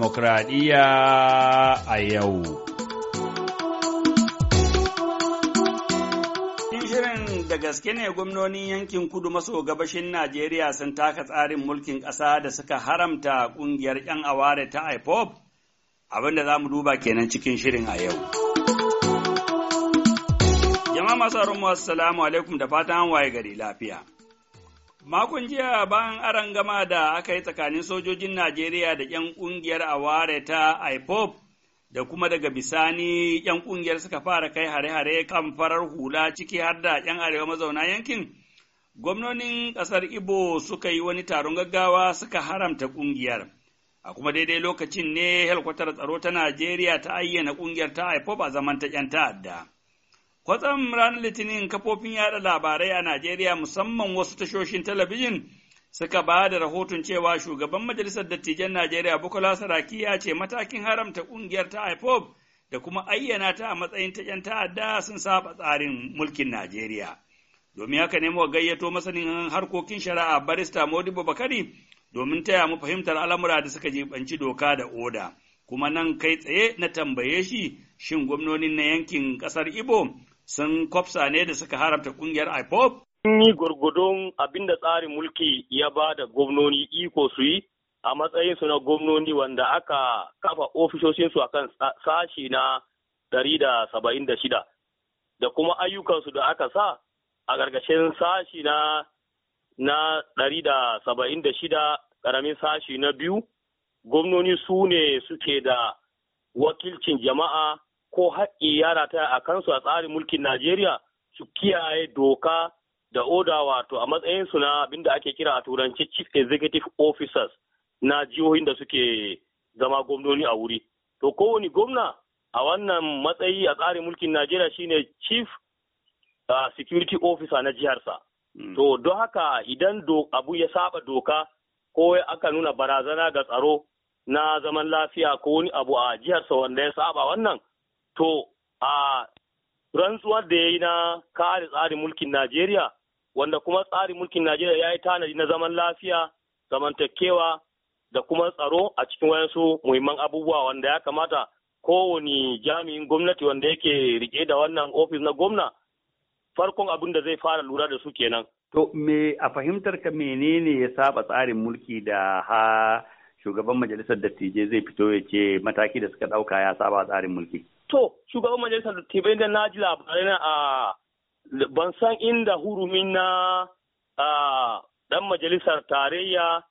demokradiyya a yau. shirin da gaske ne gwamnonin yankin kudu maso gabashin Najeriya sun taka tsarin mulkin ƙasa da suka haramta ƙungiyar 'yan aware ta IPOP? Abinda za mu duba kenan cikin shirin a yau. Jama'a masu assalamu alaikum da fatan waye gari lafiya. Makon jiya bayan aron gama da aka yi tsakanin sojojin Najeriya da ‘yan ƙungiyar aware ta IPOP da kuma daga bisani ‘yan ƙungiyar suka fara kai hare-hare kan farar hula ciki har da ‘yan arewa mazauna yankin, gwamnonin ƙasar Ibo suka yi wani taron gaggawa suka haramta ƙungiyar. A kuma daidai lokacin ne helkwatar tsaro ta Najeriya ta ayyana ƙungiyar ta IPOP a zaman ta ‘yan ta'adda. Kwatsam ranar Litinin kafofin yada labarai a Najeriya musamman wasu tashoshin talabijin suka ba da rahoton cewa shugaban Majalisar Dattijan Najeriya Bukola Saraki ya ce matakin haramta ƙungiyar ta IPOB da kuma ayyana ta a matsayin ta ‘yan ta'adda sun saba tsarin mulkin Najeriya. Domin haka ne mu gayyato masanin harkokin shari'a barista Modibo Bakari domin taya mu fahimtar al'amura da suka jibanci doka da oda. Kuma nan kai tsaye na tambaye shi shin gwamnonin na yankin ƙasar Ibo sun kwafsa ne da suka haramta kungiyar IPOP? Sun yi gwargwadon abinda tsarin mulki ya ba da gwamnoni iko su yi a matsayinsu na gwamnoni wanda aka kafa ofishoshinsu a kan sashi na 176 da kuma ayyukansu da aka sa a ƙarƙashin sashi na na karamin da sashi na biyu gwamnoni su ne suke da wakilcin jama'a ko haƙƙi ya rataya a kansu a tsarin mulkin Najeriya su kiyaye doka da oda wato a matsayinsu na abinda ake kira a turanci chief executive officers na jihohin da suke zama gwamnoni a wuri. To kowane gwamna a wannan matsayi a tsarin mulkin Najeriya shine chief security officer na jiharsa. Hmm. To don haka idan abu ya saba doka ko aka nuna barazana ga tsaro na zaman lafiya ko wani abu a jiharsa wanda ya saba wannan To, a rantsuwar da ya yi na kare tsarin mulkin Najeriya, wanda kuma tsarin mulkin Najeriya ya yi tanadi na zaman lafiya, zamantakewa da kuma tsaro a cikin wayansu muhimman abubuwa wanda ya kamata kowane jami'in gwamnati wanda yake rike da wannan ofis na gwamna farkon abin da zai fara lura da su kenan. To me a fahimtar ka menene ya saba tsarin mulki da ha shugaban majalisar dattijai zai fito ya ce mataki da suka ɗauka ya saba tsarin mulki? To, shugaban majalisar dattibai da na ji labarai na a ban san inda hurumin na dan majalisar tarayya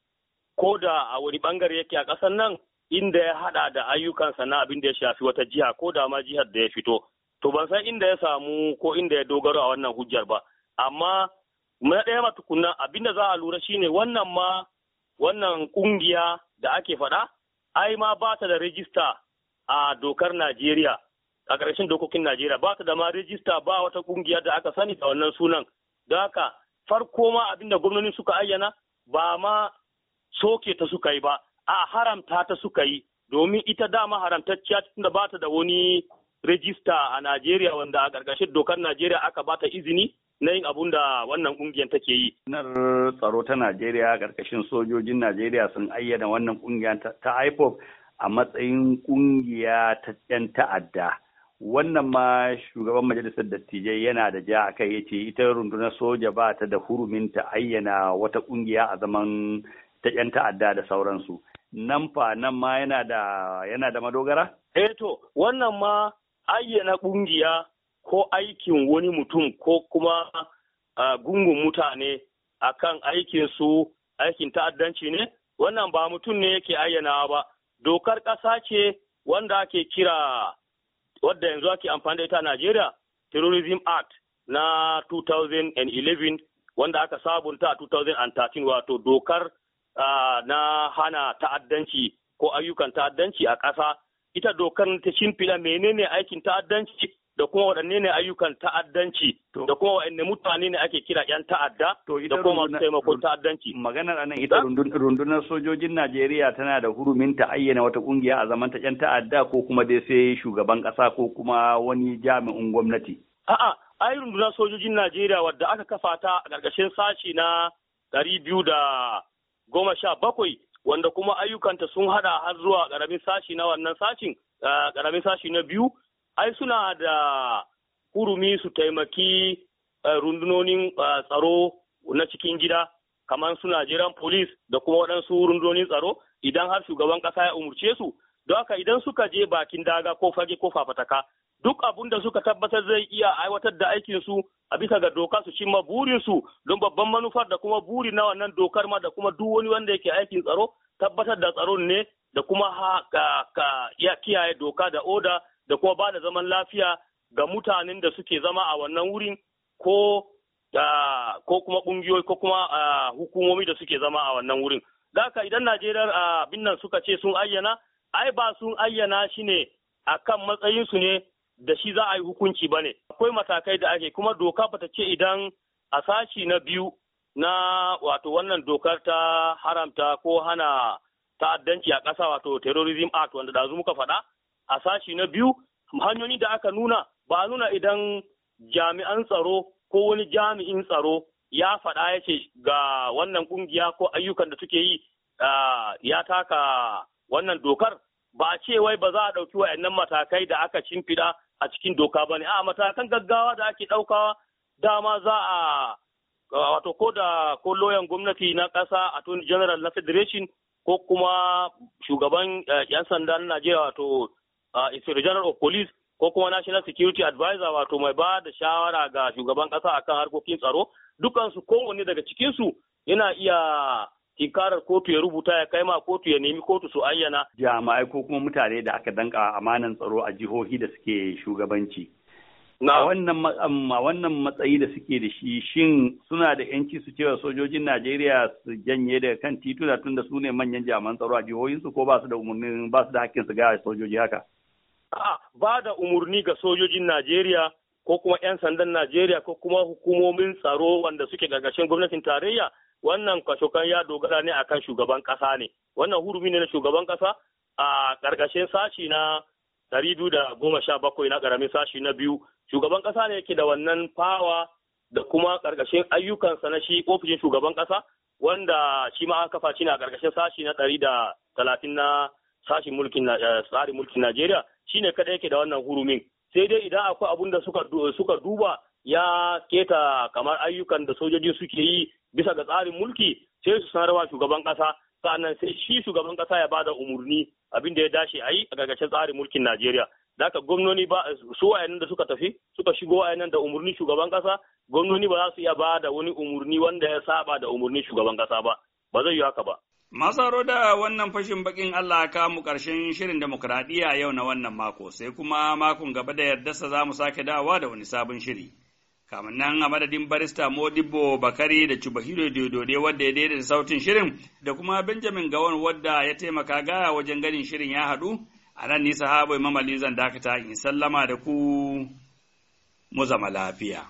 ko da a wani bangare yake a ƙasar nan inda ya hada da ayyukansa na abin da ya shafi wata jiha ko da ma jihar da ya fito. To ban san inda ya samu ko inda ya dogaro a wannan hujjar ba. Amma na ɗaya ma tukunna abin da za a lura shine wannan ma wannan kungiya da ake faɗa ai ma ba ta da rijista a dokar Najeriya. a ƙarshen dokokin Najeriya ba ta da ma rijista ba wata ƙungiya da aka sani da wannan sunan. Da haka farko ma abinda gwamnoni suka ayyana ba ma soke ta suka yi ba, a haramta ta suka yi domin ita dama haramtacciya tunda ba ta da wani rijista a Najeriya wanda a ƙarƙashin dokar Najeriya aka ba ta izini na yin abun da wannan kungiyar take yi. Nar tsaro ta Najeriya ƙarƙashin sojojin Najeriya sun ayyana wannan ƙungiyar ta IPOP a matsayin kungiya ta 'yan ta'adda. wannan ma shugaban majalisar dattijai yana da ja a kai ya ce ita rundunar soja ba ta da hurumin ta ayyana wata kungiya a zaman ta 'yan ta'adda da sauransu nan fa nan ma yana da yana da madogara? Eh to wannan ma ayyana kungiya ko aikin wani mutum ko kuma gungun mutane akan aikin su aikin ta'addanci ne wannan ba mutum ne yake ayyanawa ba dokar ƙasa ce wanda ake kira wadda yanzu ake amfani da ita a Najeriya Terrorism Act na 2011 wanda aka sabunta a 2013 wato dokar na hana ta'addanci ko ayyukan ta'addanci a ƙasa ita dokar ta shimfiɗa menene aikin ta'addanci da kuma waɗanne ne ayyukan ta'addanci da kuma waɗanne mutane ne ake kira 'yan ta'adda da kuma taimakon ta'addanci. Maganar anan ita rundunar sojojin Najeriya tana da hurumin ta ayyana wata ƙungiya a zamanta 'yan ta'adda ko kuma dai sai shugaban ƙasa ko kuma wani jami'in gwamnati. A'a, ai rundunar sojojin Najeriya wadda aka kafa ta a ƙarƙashin sashi na ɗari biyu da goma sha bakwai wanda kuma ayyukanta sun haɗa har zuwa ƙaramin sashi na wannan sashin eh, ƙaramin sashi na biyu ai suna da hurumi su taimaki eh, rundunonin eh, tsaro na cikin gida kamar suna jiran police da kuma waɗansu rundunonin tsaro idan har shugaban ƙasa ya umurce su don haka idan suka je bakin daga ko fage ko fafataka duk abun da suka tabbatar zai iya aiwatar da aikinsu a bisa ga doka su cimma burinsu don babban manufar da kuma buri na wannan dokar ma da kuma duk wani wanda yake aikin tsaro tabbatar da tsaron ne da kuma ha, ya kiyaye doka da oda da kuma ba da zaman lafiya ga mutanen da suke zama a wannan wurin ko uh, ko kuma kungiyoyi ko kuma hukumomi da suke zama a wannan wurin. Daka idan Najeriya abin nan suka ce sun ayyana, ai ba sun ayyana shi ne a kan matsayinsu ne da shi za a yi hukunci ba ne. Akwai matakai da ake kuma doka bata ce idan a sashi na biyu na wato wannan dokar ta haramta ko hana ta'addanci a ƙasa wato terrorism act wanda da muka faɗa a sashi na biyu hanyoyi da aka nuna ba nuna idan jami'an tsaro ko wani jami'in tsaro ya faɗa ya ce ga wannan ƙungiya ko ayyukan da suke yi ya taka wannan dokar ba a ce wai ba za a ɗauki wa'annan matakai da aka shimfiɗa a cikin doka ba ne a matakan gaggawa da ake ɗaukawa dama za a wato ko da ko loyan gwamnati na ƙasa attorney general na federation ko kuma shugaban eh, yan na Najeriya wato eh, Inspector General of Police ko kuma National Security Advisor wato mai ba da shawara ga shugaban kasa akan harkokin tsaro dukansu kowanne daga cikinsu yana iya tinkarar kotu ya rubuta ya kai ma kotu ya nemi kotu su ayyana. Jami'ai ko kuma mutane da aka danka amanan tsaro a jihohi da suke shugabanci. na um, wannan matsayi da suke da shi shin suna da yanci su cewa sojojin Najeriya su janye daga kan tituna tunda da su ne manyan jaman tsaro a jihohinsu ko ba su da umarnin ba su da hakkin su ga sojoji haka? A'a ba da umarni ga sojojin Najeriya ko kuma 'yan sandan Najeriya ko kuma hukumomin tsaro wanda suke gargashin gwamnatin tarayya wannan kwashokan ya dogara ne akan shugaban kasa ne wannan hurumi ne na shugaban kasa a gargashin sashi na ɗari biyu da goma sha bakwai na ƙaramin sashi na biyu shugaban ƙasa ne yake da wannan fawa da kuma ƙarƙashin ayyukansa na shi ofishin shugaban ƙasa wanda shi ma aka kafa shi na ƙarƙashin sashi na 130 na sashin mulkin eh, tsarin mulkin Najeriya shine kaɗai yake da wannan hurumin sai dai idan akwai abun da suka suka duba ya keta kamar ayyukan da sojoji suke yi bisa ga tsarin mulki sai su sanarwa shugaban ƙasa sannan sai shi shugaban ƙasa ya bada umurni. abin da ya dace a yi a gargashin tsarin mulkin Najeriya. Da Daka gwamnoni ba su wayannan da suka tafi suka shigo wayannan da umarni shugaban kasa gwamnoni ba za su iya ba da wani umarni wanda ya saba da umarni shugaban kasa ba ba zai yi haka ba. Masaro da wannan fashin bakin Allah ka mu karshen shirin demokradiyya yau na wannan mako sai kuma makon gaba da yardarsa za mu sake dawa da wani sabon shiri. kamar nan a madadin barista Modibo Bakari da Chubahiro Dodode wadda ya daidaita sautin shirin da kuma Benjamin Gawan wadda ya taimaka gaya wajen ganin shirin ya haɗu a nan nisa habu Imam Ali zan dakata in sallama da ku mu zama lafiya.